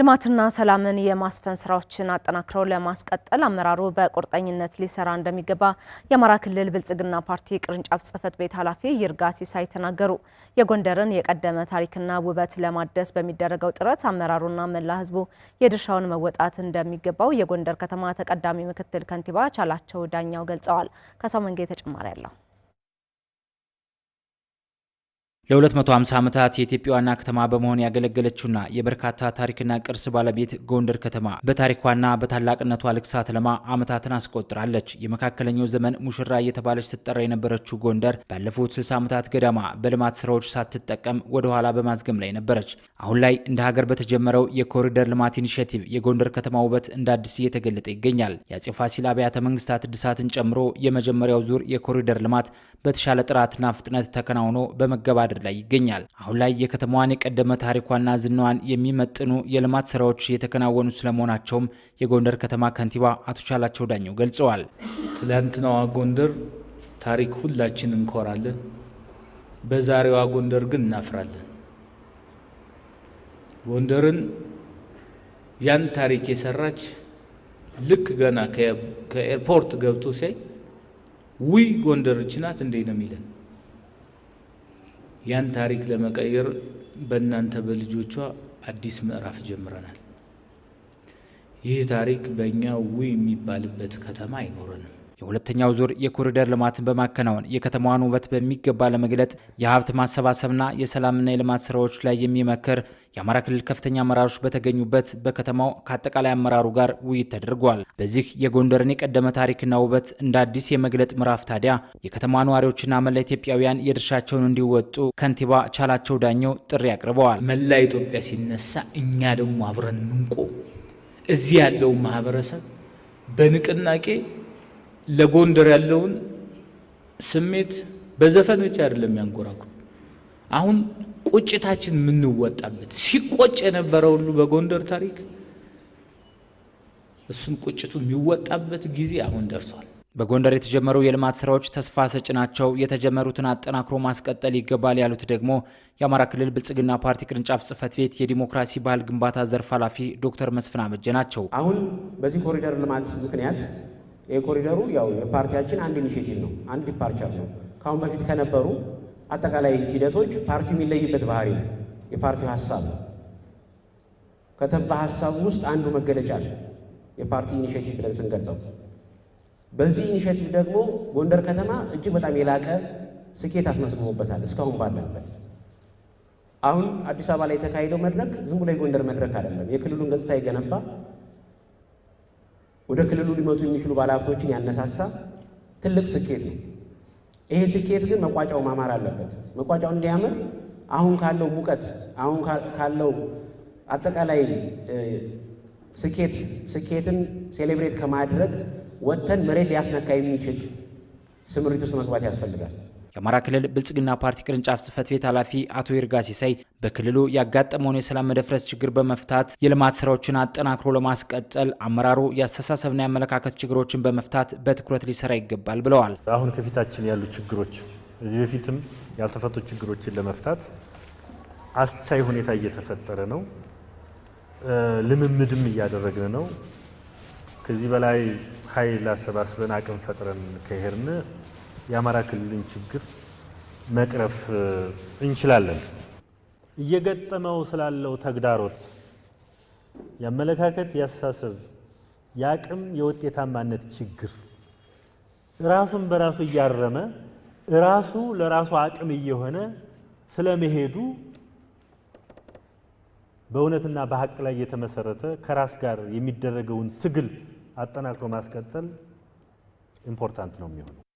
ልማትና ሰላምን የማስፈን ስራዎችን አጠናክረው ለማስቀጠል አመራሩ በቁርጠኝነት ሊሰራ እንደሚገባ የአማራ ክልል ብልጽግና ፓርቲ ቅርንጫፍ ጽህፈት ቤት ኃላፊ ይርጋ ሲሳይ ተናገሩ። የጎንደርን የቀደመ ታሪክና ውበት ለማደስ በሚደረገው ጥረት አመራሩና መላ ህዝቡ የድርሻውን መወጣት እንደሚገባው የጎንደር ከተማ ተቀዳሚ ምክትል ከንቲባ ቻላቸው ዳኛው ገልጸዋል። ከሰው መንጌ ተጨማሪ አለው። ለ250 ዓመታት የኢትዮጵያ ዋና ከተማ በመሆን ያገለገለችውና የበርካታ ታሪክና ቅርስ ባለቤት ጎንደር ከተማ በታሪኳና በታላቅነቷ ልክሳት ለማ ዓመታትን አስቆጥራለች። የመካከለኛው ዘመን ሙሽራ እየተባለች ትጠራ የነበረችው ጎንደር ባለፉት 60 ዓመታት ገዳማ በልማት ስራዎች ሳትጠቀም ወደኋላ በማዝገም ላይ ነበረች። አሁን ላይ እንደ ሀገር በተጀመረው የኮሪደር ልማት ኢኒሽቲቭ የጎንደር ከተማ ውበት እንደ አዲስ እየተገለጠ ይገኛል። የአጼ ፋሲል አብያተ መንግስታት እድሳትን ጨምሮ የመጀመሪያው ዙር የኮሪደር ልማት በተሻለ ጥራትና ፍጥነት ተከናውኖ በመገባደር ላይ ይገኛል። አሁን ላይ የከተማዋን የቀደመ ታሪኳና ዝናዋን የሚመጥኑ የልማት ስራዎች የተከናወኑ ስለመሆናቸውም የጎንደር ከተማ ከንቲባ አቶ ቻላቸው ዳኘው ገልጸዋል። ትላንትናዋ ጎንደር ታሪክ ሁላችን እንኮራለን፣ በዛሬዋ ጎንደር ግን እናፍራለን። ጎንደርን ያን ታሪክ የሰራች ልክ ገና ከኤርፖርት ገብቶ ሲያይ ውይ ጎንደር እችናት እንዴ ነው የሚለን። ያን ታሪክ ለመቀየር በእናንተ በልጆቿ አዲስ ምዕራፍ ጀምረናል። ይህ ታሪክ በእኛ ውይ የሚባልበት ከተማ አይኖረንም። የሁለተኛው ዙር የኮሪደር ልማትን በማከናወን የከተማዋን ውበት በሚገባ ለመግለጥ የሀብት ማሰባሰብና የሰላምና የልማት ስራዎች ላይ የሚመክር የአማራ ክልል ከፍተኛ አመራሮች በተገኙበት በከተማው ከአጠቃላይ አመራሩ ጋር ውይይት ተደርጓል። በዚህ የጎንደርን የቀደመ ታሪክና ውበት እንደ አዲስ የመግለጥ ምዕራፍ ታዲያ የከተማ ነዋሪዎችና መላ ኢትዮጵያውያን የድርሻቸውን እንዲወጡ ከንቲባ ቻላቸው ዳኘው ጥሪ አቅርበዋል። መላ ኢትዮጵያ ሲነሳ እኛ ደግሞ አብረን እንቆም። እዚህ ያለው ማህበረሰብ በንቅናቄ ለጎንደር ያለውን ስሜት በዘፈን ብቻ አይደለም ያንጎራጉሩ። አሁን ቁጭታችን የምንወጣበት ሲቆጭ የነበረ ሁሉ በጎንደር ታሪክ እሱን ቁጭቱ የሚወጣበት ጊዜ አሁን ደርሷል። በጎንደር የተጀመሩ የልማት ስራዎች ተስፋ ሰጭ ናቸው። የተጀመሩትን አጠናክሮ ማስቀጠል ይገባል ያሉት ደግሞ የአማራ ክልል ብልጽግና ፓርቲ ቅርንጫፍ ጽህፈት ቤት የዲሞክራሲ ባህል ግንባታ ዘርፍ ኃላፊ ዶክተር መስፍን አበጀ ናቸው። አሁን በዚህ ኮሪደር ልማት ምክንያት የኮሪደሩ ያው የፓርቲያችን አንድ ኢኒሽቲቭ ነው፣ አንድ ዲፓርቸር ነው። ከአሁን በፊት ከነበሩ አጠቃላይ ሂደቶች ፓርቲው የሚለይበት ባህሪ ነው። የፓርቲው ሀሳብ ነው። ከተባ ሀሳብ ውስጥ አንዱ መገለጫ ነው የፓርቲ ኢኒሽቲቭ ብለን ስንገልጸው። በዚህ ኢኒሽቲቭ ደግሞ ጎንደር ከተማ እጅግ በጣም የላቀ ስኬት አስመዝግቦበታል እስካሁን ባለንበት። አሁን አዲስ አበባ ላይ የተካሄደው መድረክ ዝም ብሎ የጎንደር መድረክ አይደለም። የክልሉን ገጽታ የገነባ ወደ ክልሉ ሊመጡ የሚችሉ ባለሀብቶችን ያነሳሳ ትልቅ ስኬት ነው። ይሄ ስኬት ግን መቋጫው ማማር አለበት። መቋጫው እንዲያምር አሁን ካለው ሙቀት፣ አሁን ካለው አጠቃላይ ስኬት ስኬትን ሴሌብሬት ከማድረግ ወጥተን መሬት ሊያስነካ የሚችል ስምሪት ውስጥ መግባት ያስፈልጋል። የአማራ ክልል ብልጽግና ፓርቲ ቅርንጫፍ ጽህፈት ቤት ኃላፊ አቶ ይርጋ ሲሳይ በክልሉ ያጋጠመውን የሰላም መደፍረስ ችግር በመፍታት የልማት ስራዎችን አጠናክሮ ለማስቀጠል አመራሩ የአስተሳሰብና የአመለካከት ችግሮችን በመፍታት በትኩረት ሊሰራ ይገባል ብለዋል። አሁን ከፊታችን ያሉ ችግሮች እዚህ በፊትም ያልተፈቱ ችግሮችን ለመፍታት አስቻይ ሁኔታ እየተፈጠረ ነው። ልምምድም እያደረግን ነው። ከዚህ በላይ ኃይል አሰባስበን አቅም ፈጥረን ከሄድን የአማራ ክልልን ችግር መቅረፍ እንችላለን። እየገጠመው ስላለው ተግዳሮት የአመለካከት፣ የአስተሳሰብ፣ የአቅም፣ የውጤታማነት ችግር ራሱን በራሱ እያረመ ራሱ ለራሱ አቅም እየሆነ ስለመሄዱ በእውነትና በሀቅ ላይ የተመሰረተ ከራስ ጋር የሚደረገውን ትግል አጠናክሮ ማስቀጠል ኢምፖርታንት ነው የሚሆነው።